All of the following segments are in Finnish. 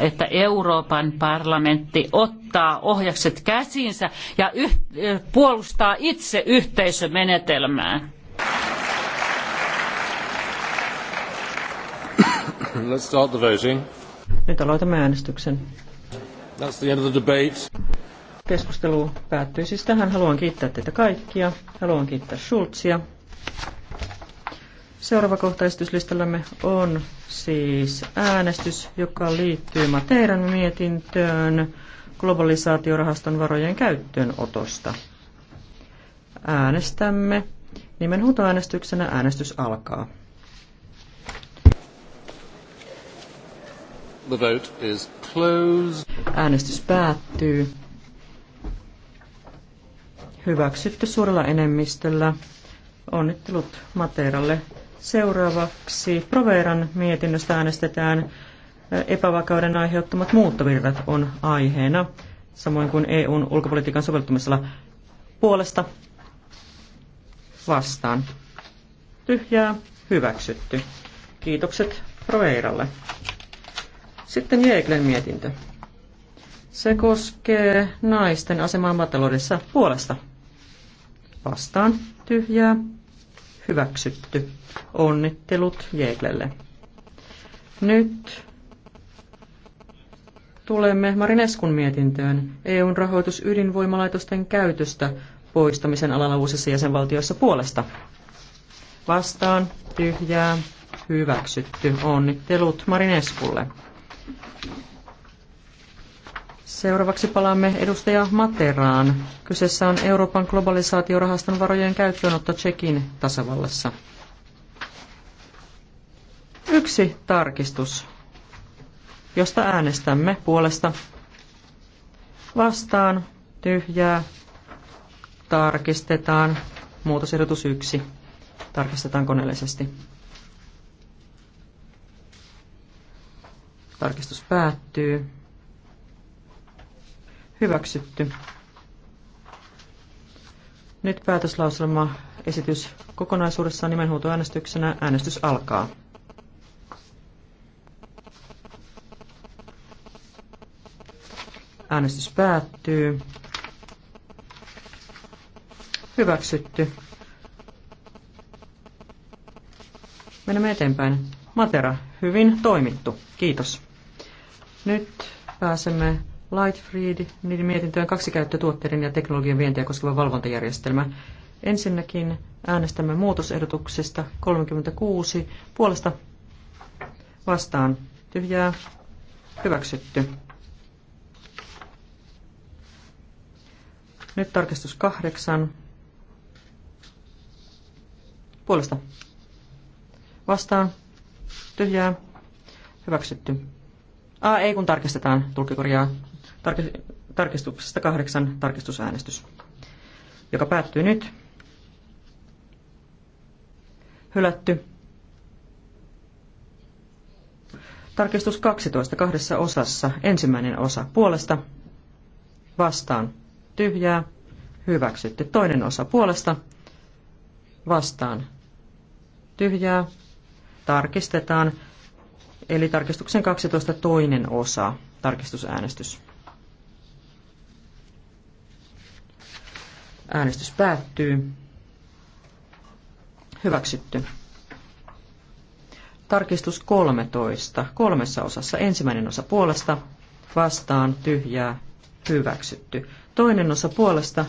että Euroopan parlamentti ottaa ohjakset käsiinsä ja eh, puolustaa itse yhteisömenetelmää. Let's start the voting. Nyt aloitamme äänestyksen. That's the end of the debate. Keskustelu päättyy siis tähän. Haluan kiittää teitä kaikkia. Haluan kiittää Schulzia. Seuraava kohta esityslistallamme on siis äänestys, joka liittyy Mateeran mietintöön globalisaatiorahaston varojen käyttöönotosta. Äänestämme. Nimenhuutoäänestyksenä äänestys alkaa. The vote is closed. Äänestys päättyy. Hyväksytty suurella enemmistöllä. Onnittelut Mateeralle Seuraavaksi Proveran mietinnöstä äänestetään epävakauden aiheuttamat muuttovirrat on aiheena, samoin kuin EUn ulkopolitiikan soveltumisella puolesta vastaan. Tyhjää hyväksytty. Kiitokset Proveiralle. Sitten Jeeklen mietintö. Se koskee naisten asemaa maataloudessa puolesta. Vastaan tyhjää hyväksytty. Onnittelut Jeglelle. Nyt tulemme Marineskun mietintöön EUn rahoitus ydinvoimalaitosten käytöstä poistamisen alalla uusissa jäsenvaltioissa puolesta. Vastaan tyhjää hyväksytty. Onnittelut Marineskulle. Seuraavaksi palaamme edustaja Materaan. Kyseessä on Euroopan globalisaatiorahaston varojen käyttöönotto Tsekin tasavallassa. Yksi tarkistus, josta äänestämme puolesta. Vastaan, tyhjää, tarkistetaan. Muutosehdotus yksi. Tarkistetaan koneellisesti. Tarkistus päättyy. Hyväksytty. Nyt päätöslauselma esitys kokonaisuudessaan nimenhuutoäänestyksenä. Äänestys alkaa. Äänestys päättyy. Hyväksytty. Menemme eteenpäin. Matera, hyvin toimittu. Kiitos. Nyt pääsemme Lightfried, niiden mietintöön kaksikäyttötuotteiden ja teknologian vientiä koskeva valvontajärjestelmä. Ensinnäkin äänestämme muutosehdotuksesta 36 puolesta vastaan tyhjää hyväksytty. Nyt tarkistus kahdeksan. Puolesta. Vastaan. Tyhjää. Hyväksytty. A, ei kun tarkistetaan. Tulkikorjaa tarkistuksesta kahdeksan tarkistusäänestys, joka päättyy nyt. Hylätty. Tarkistus 12 kahdessa osassa. Ensimmäinen osa puolesta, vastaan, tyhjää, hyväksytty. Toinen osa puolesta, vastaan, tyhjää, tarkistetaan. Eli tarkistuksen 12 toinen osa, tarkistusäänestys. Äänestys päättyy. Hyväksytty. Tarkistus 13. Kolmessa osassa. Ensimmäinen osa puolesta. Vastaan. Tyhjää. Hyväksytty. Toinen osa puolesta.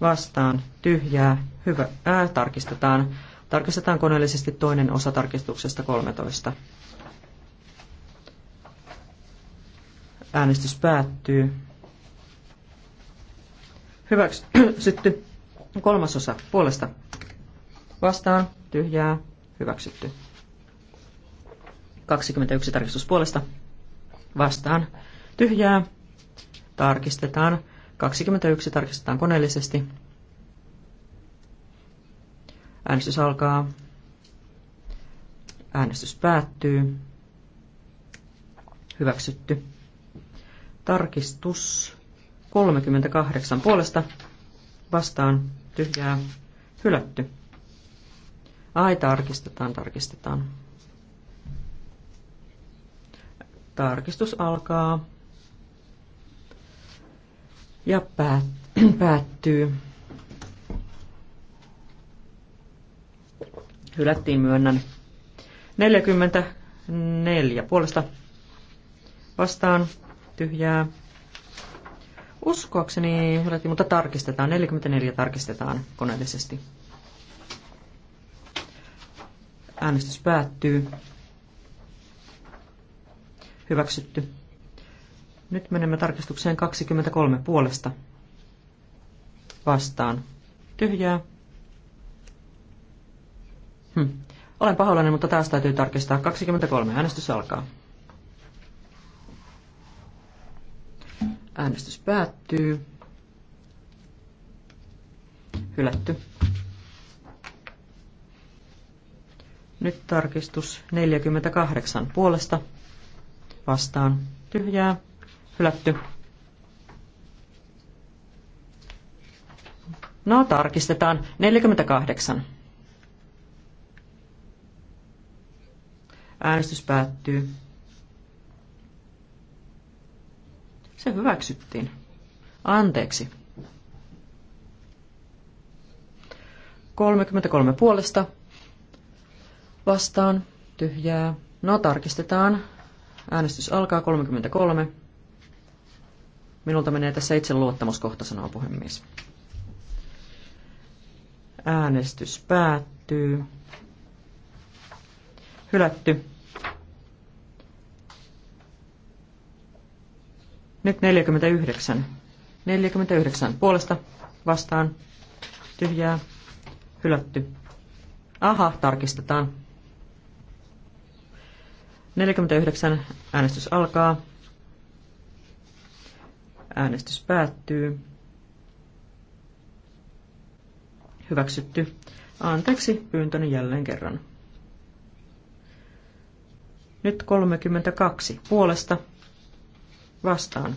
Vastaan. Tyhjää. Hyvä. Ää, tarkistetaan. Tarkistetaan koneellisesti toinen osa tarkistuksesta 13. Äänestys päättyy. Hyväksytty. Kolmasosa puolesta. Vastaan. Tyhjää. Hyväksytty. 21 tarkistus puolesta. Vastaan. Tyhjää. Tarkistetaan. 21 tarkistetaan koneellisesti. Äänestys alkaa. Äänestys päättyy. Hyväksytty. Tarkistus 38 puolesta vastaan tyhjää hylätty. Ai, tarkistetaan, tarkistetaan. Tarkistus alkaa ja päät, päättyy. Hylättiin myönnän. 44 puolesta vastaan tyhjää Uskoakseni mutta tarkistetaan. 44 tarkistetaan koneellisesti. Äänestys päättyy. Hyväksytty. Nyt menemme tarkistukseen 23 puolesta. Vastaan. Tyhjää. Hm. Olen pahoillani, mutta taas täytyy tarkistaa. 23. Äänestys alkaa. Äänestys päättyy. Hylätty. Nyt tarkistus 48 puolesta. Vastaan tyhjää. Hylätty. No, tarkistetaan. 48. Äänestys päättyy. Se hyväksyttiin. Anteeksi. 33 puolesta. Vastaan. Tyhjää. No tarkistetaan. Äänestys alkaa 33. Minulta menee tässä itse luottamuskohta, sanoo puhemies. Äänestys päättyy. Hylätty. Nyt 49. 49 puolesta vastaan tyhjää hylätty. Aha, tarkistetaan. 49 äänestys alkaa. Äänestys päättyy. Hyväksytty. Anteeksi pyyntöni jälleen kerran. Nyt 32 puolesta vastaan.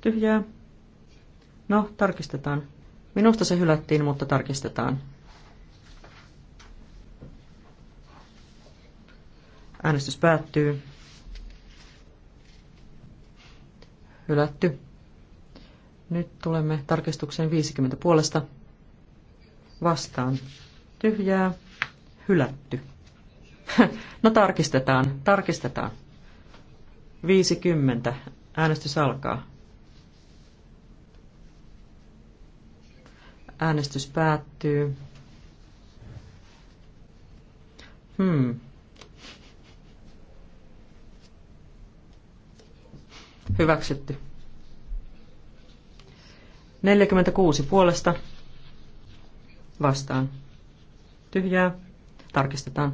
Tyhjää. No, tarkistetaan. Minusta se hylättiin, mutta tarkistetaan. Äänestys päättyy. Hylätty. Nyt tulemme tarkistukseen 50 puolesta. Vastaan. Tyhjää. Hylätty. No tarkistetaan, tarkistetaan. 50 Äänestys alkaa. Äänestys päättyy. Hmm. Hyväksytty. 46 puolesta. Vastaan. Tyhjää. Tarkistetaan.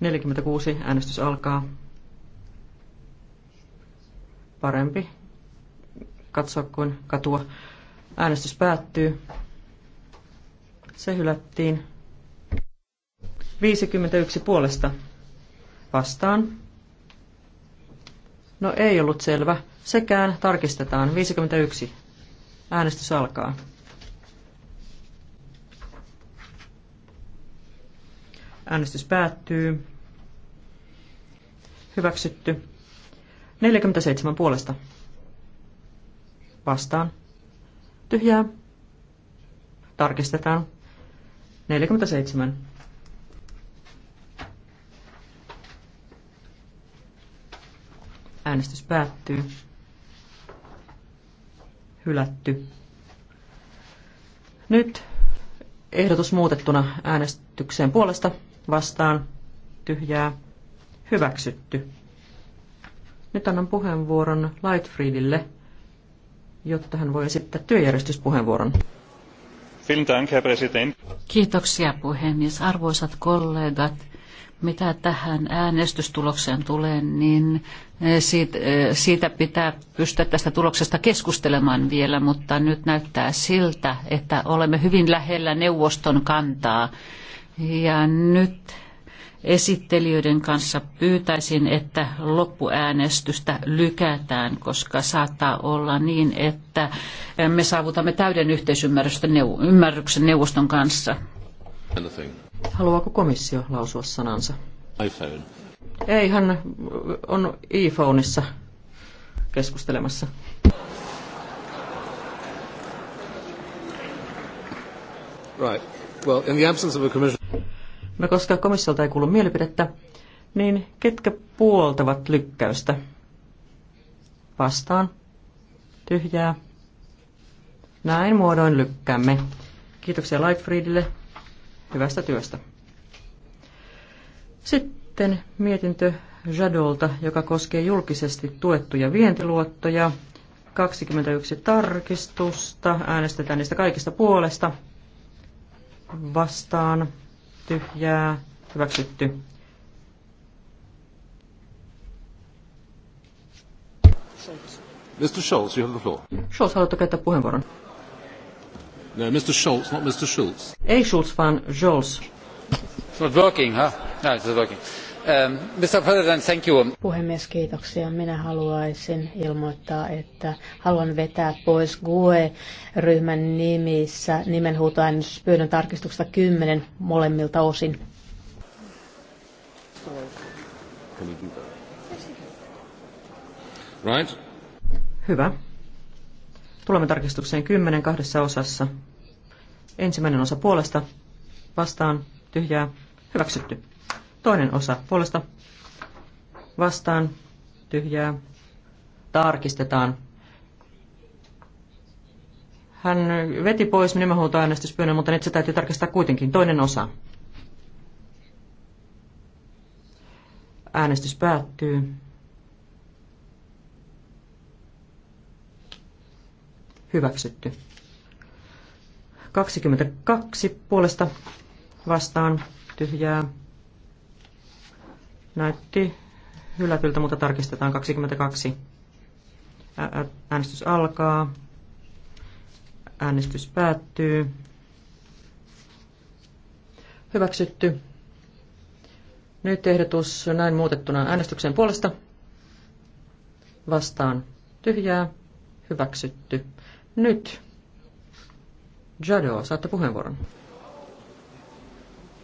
46. Äänestys alkaa parempi katsoa kuin katua. Äänestys päättyy. Se hylättiin. 51 puolesta vastaan. No ei ollut selvä. Sekään tarkistetaan. 51. Äänestys alkaa. Äänestys päättyy. Hyväksytty. 47 puolesta. Vastaan. Tyhjää. Tarkistetaan. 47. Äänestys päättyy. Hylätty. Nyt ehdotus muutettuna äänestykseen puolesta vastaan tyhjää hyväksytty. Nyt annan puheenvuoron Lightfriedille, jotta hän voi esittää työjärjestyspuheenvuoron. Kiitoksia puhemies. Arvoisat kollegat, mitä tähän äänestystulokseen tulee, niin eh, siitä, eh, siitä pitää pystyä tästä tuloksesta keskustelemaan vielä, mutta nyt näyttää siltä, että olemme hyvin lähellä neuvoston kantaa. Ja nyt esittelijöiden kanssa pyytäisin, että loppuäänestystä lykätään, koska saattaa olla niin, että me saavutamme täyden yhteisymmärryksen neuvoston kanssa. Haluaako komissio lausua sanansa? iPhone. Ei, hän on iPhoneissa keskustelemassa. Right. Well, in the absence of a commission... No koska komissiolta ei kuulu mielipidettä, niin ketkä puoltavat lykkäystä? Vastaan. Tyhjää. Näin muodoin lykkäämme. Kiitoksia Lightfriedille hyvästä työstä. Sitten mietintö Jadolta, joka koskee julkisesti tuettuja vientiluottoja. 21 tarkistusta. Äänestetään niistä kaikista puolesta. Vastaan tyhjää, hyväksytty. Mr. Schultz, you have the floor. Schultz haluatko käyttää puheenvuoron? No, Mr. Schultz, not Mr. Schulz. Ei Schulz, vaan Scholz. It's not working, huh? No, it's not working. Um, Puhemies, kiitoksia. Minä haluaisin ilmoittaa, että haluan vetää pois GUE-ryhmän nimissä nimenhuutoäänestyspyynnön tarkistuksesta kymmenen molemmilta osin. Right. Hyvä. Tulemme tarkistukseen kymmenen kahdessa osassa. Ensimmäinen osa puolesta, vastaan, tyhjää, hyväksytty. Toinen osa puolesta vastaan tyhjää tarkistetaan. Hän veti pois nimenhuutoäänestyspyynnön, mutta nyt se täytyy tarkistaa kuitenkin. Toinen osa. Äänestys päättyy. Hyväksytty. 22 puolesta vastaan tyhjää Näytti hylätyltä, mutta tarkistetaan 22. Äänestys alkaa. Äänestys päättyy. Hyväksytty. Nyt ehdotus näin muutettuna äänestyksen puolesta. Vastaan tyhjää. Hyväksytty. Nyt. Jadot, saatte puheenvuoron.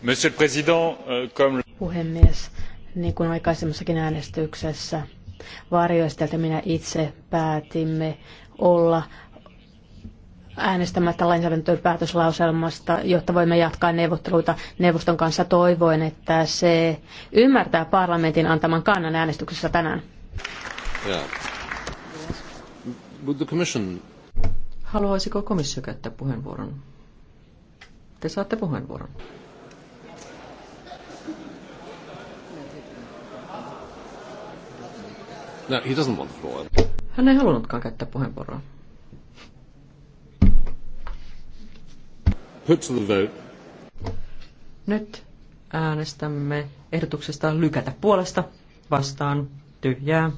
Monsieur le Président, euh, comme... Puhemies, niin kuin aikaisemmassakin äänestyksessä varjoistelta minä itse päätimme olla äänestämättä lainsäädäntöön päätöslauselmasta, jotta voimme jatkaa neuvotteluita neuvoston kanssa. Toivoin, että se ymmärtää parlamentin antaman kannan äänestyksessä tänään. Yeah. Commission... Haluaisiko komissio käyttää puheenvuoron? Te saatte puheenvuoron. No, he doesn't want the floor. Hän ei halunnutkaan käyttää puheenvuoroa. Put to the vote. Nyt äänestämme ehdotuksesta lykätä puolesta vastaan tyhjää.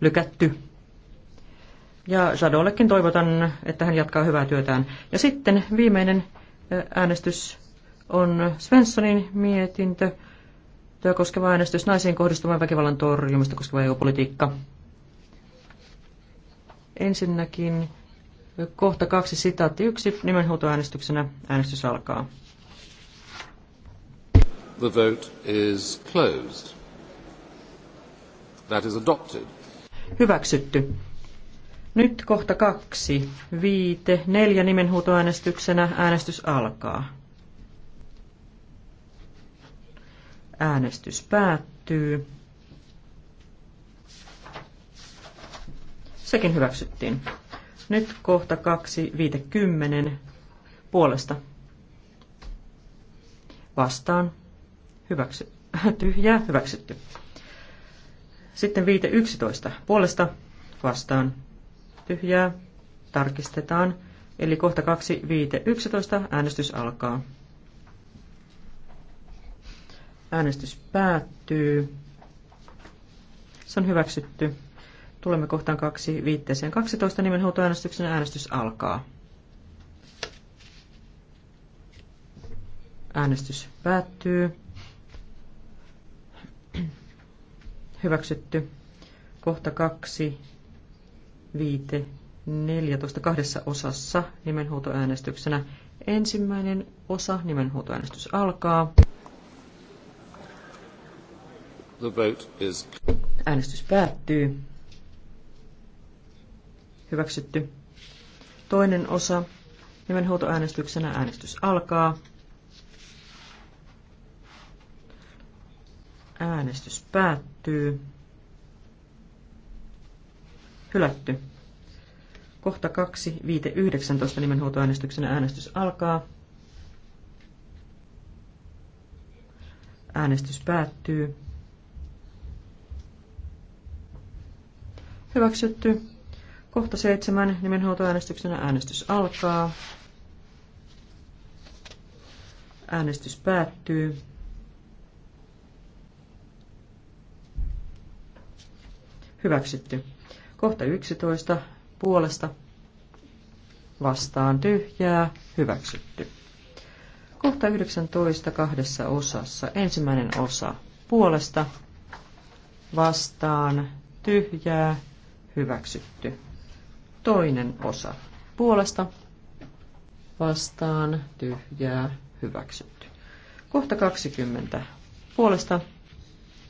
Lykätty. Ja Jadollekin toivotan, että hän jatkaa hyvää työtään. Ja sitten viimeinen äänestys on Svenssonin mietintö. Työ koskeva äänestys naisiin kohdistuvan väkivallan torjumista koskeva EU-politiikka. Ensinnäkin kohta kaksi sitaatti yksi nimenhuutoäänestyksenä äänestys alkaa. The vote is closed. That is adopted. Hyväksytty. Nyt kohta kaksi, viite, neljä nimenhuutoäänestyksenä äänestys alkaa. Äänestys päättyy. Sekin hyväksyttiin. Nyt kohta 2.50 puolesta. Vastaan. Hyväksy. Tyhjää hyväksytty. Sitten viite puolesta. Vastaan. Tyhjää. Tarkistetaan. Eli kohta 2.5.11 viite Äänestys alkaa. Äänestys päättyy. Se on hyväksytty. Tulemme kohtaan kaksi viitteeseen 12 nimenhuutoäänestyksen äänestys alkaa. Äänestys päättyy. Hyväksytty. Kohta kaksi viite 14 kahdessa osassa nimenhuutoäänestyksenä. Ensimmäinen osa nimenhuutoäänestys alkaa. The vote is... Äänestys päättyy. Hyväksytty. Toinen osa. Nimenhuoltoäänestyksenä äänestys alkaa. Äänestys päättyy. Hylätty. Kohta 2, viite 19 nimenhuoltoäänestyksenä äänestys alkaa. Äänestys päättyy. Hyväksytty. Kohta seitsemän nimenhuoltoäänestyksenä äänestys alkaa. Äänestys päättyy. Hyväksytty. Kohta 11. Puolesta vastaan tyhjää. Hyväksytty. Kohta 19. Kahdessa osassa. Ensimmäinen osa. Puolesta vastaan tyhjää hyväksytty. Toinen osa puolesta vastaan tyhjää hyväksytty. Kohta 20 puolesta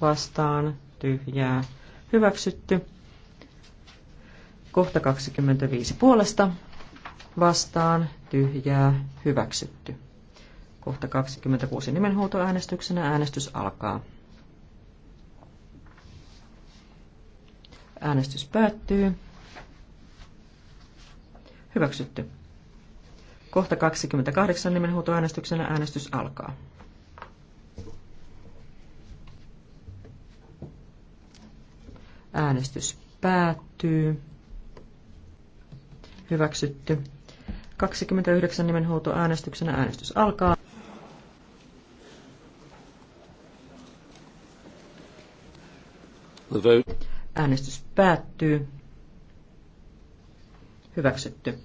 vastaan tyhjää hyväksytty. Kohta 25 puolesta vastaan tyhjää hyväksytty. Kohta 26 nimenhuutoäänestyksenä äänestys alkaa. Äänestys päättyy. Hyväksytty. Kohta 28 nimenhuutoäänestyksenä äänestys alkaa. Äänestys päättyy. Hyväksytty. 29 nimenhuutoäänestyksenä äänestys alkaa. The vote Äänestys päättyy. Hyväksytty.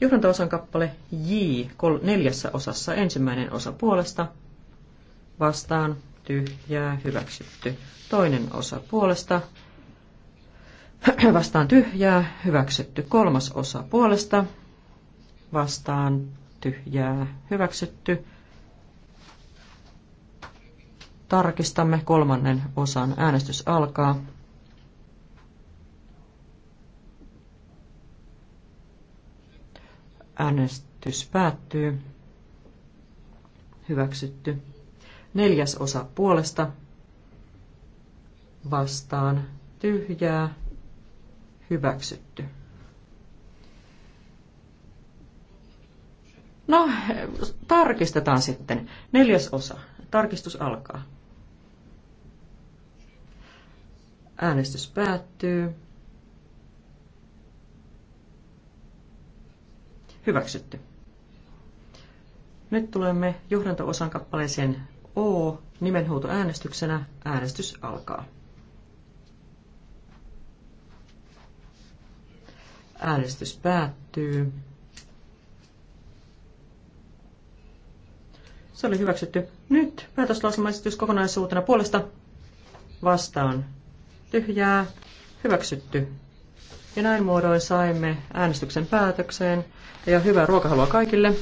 Johdantaosan kappale J neljässä osassa ensimmäinen osa puolesta. Vastaan tyhjää hyväksytty. Toinen osa puolesta. Vastaan tyhjää hyväksytty. Kolmas osa puolesta. Vastaan tyhjää hyväksytty. Tarkistamme kolmannen osan. Äänestys alkaa. Äänestys päättyy. Hyväksytty. Neljäs osa puolesta. Vastaan tyhjää. Hyväksytty. No, tarkistetaan sitten. Neljäs osa. Tarkistus alkaa. Äänestys päättyy. Hyväksytty. Nyt tulemme johdanto-osan kappaleeseen O äänestyksenä. Äänestys alkaa. Äänestys päättyy. Se oli hyväksytty. Nyt päätöslauselmaesitys kokonaisuutena puolesta vastaan. Tyhjää. Hyväksytty. Ja näin muodoin saimme äänestyksen päätökseen. Ja hyvää ruokahalua kaikille.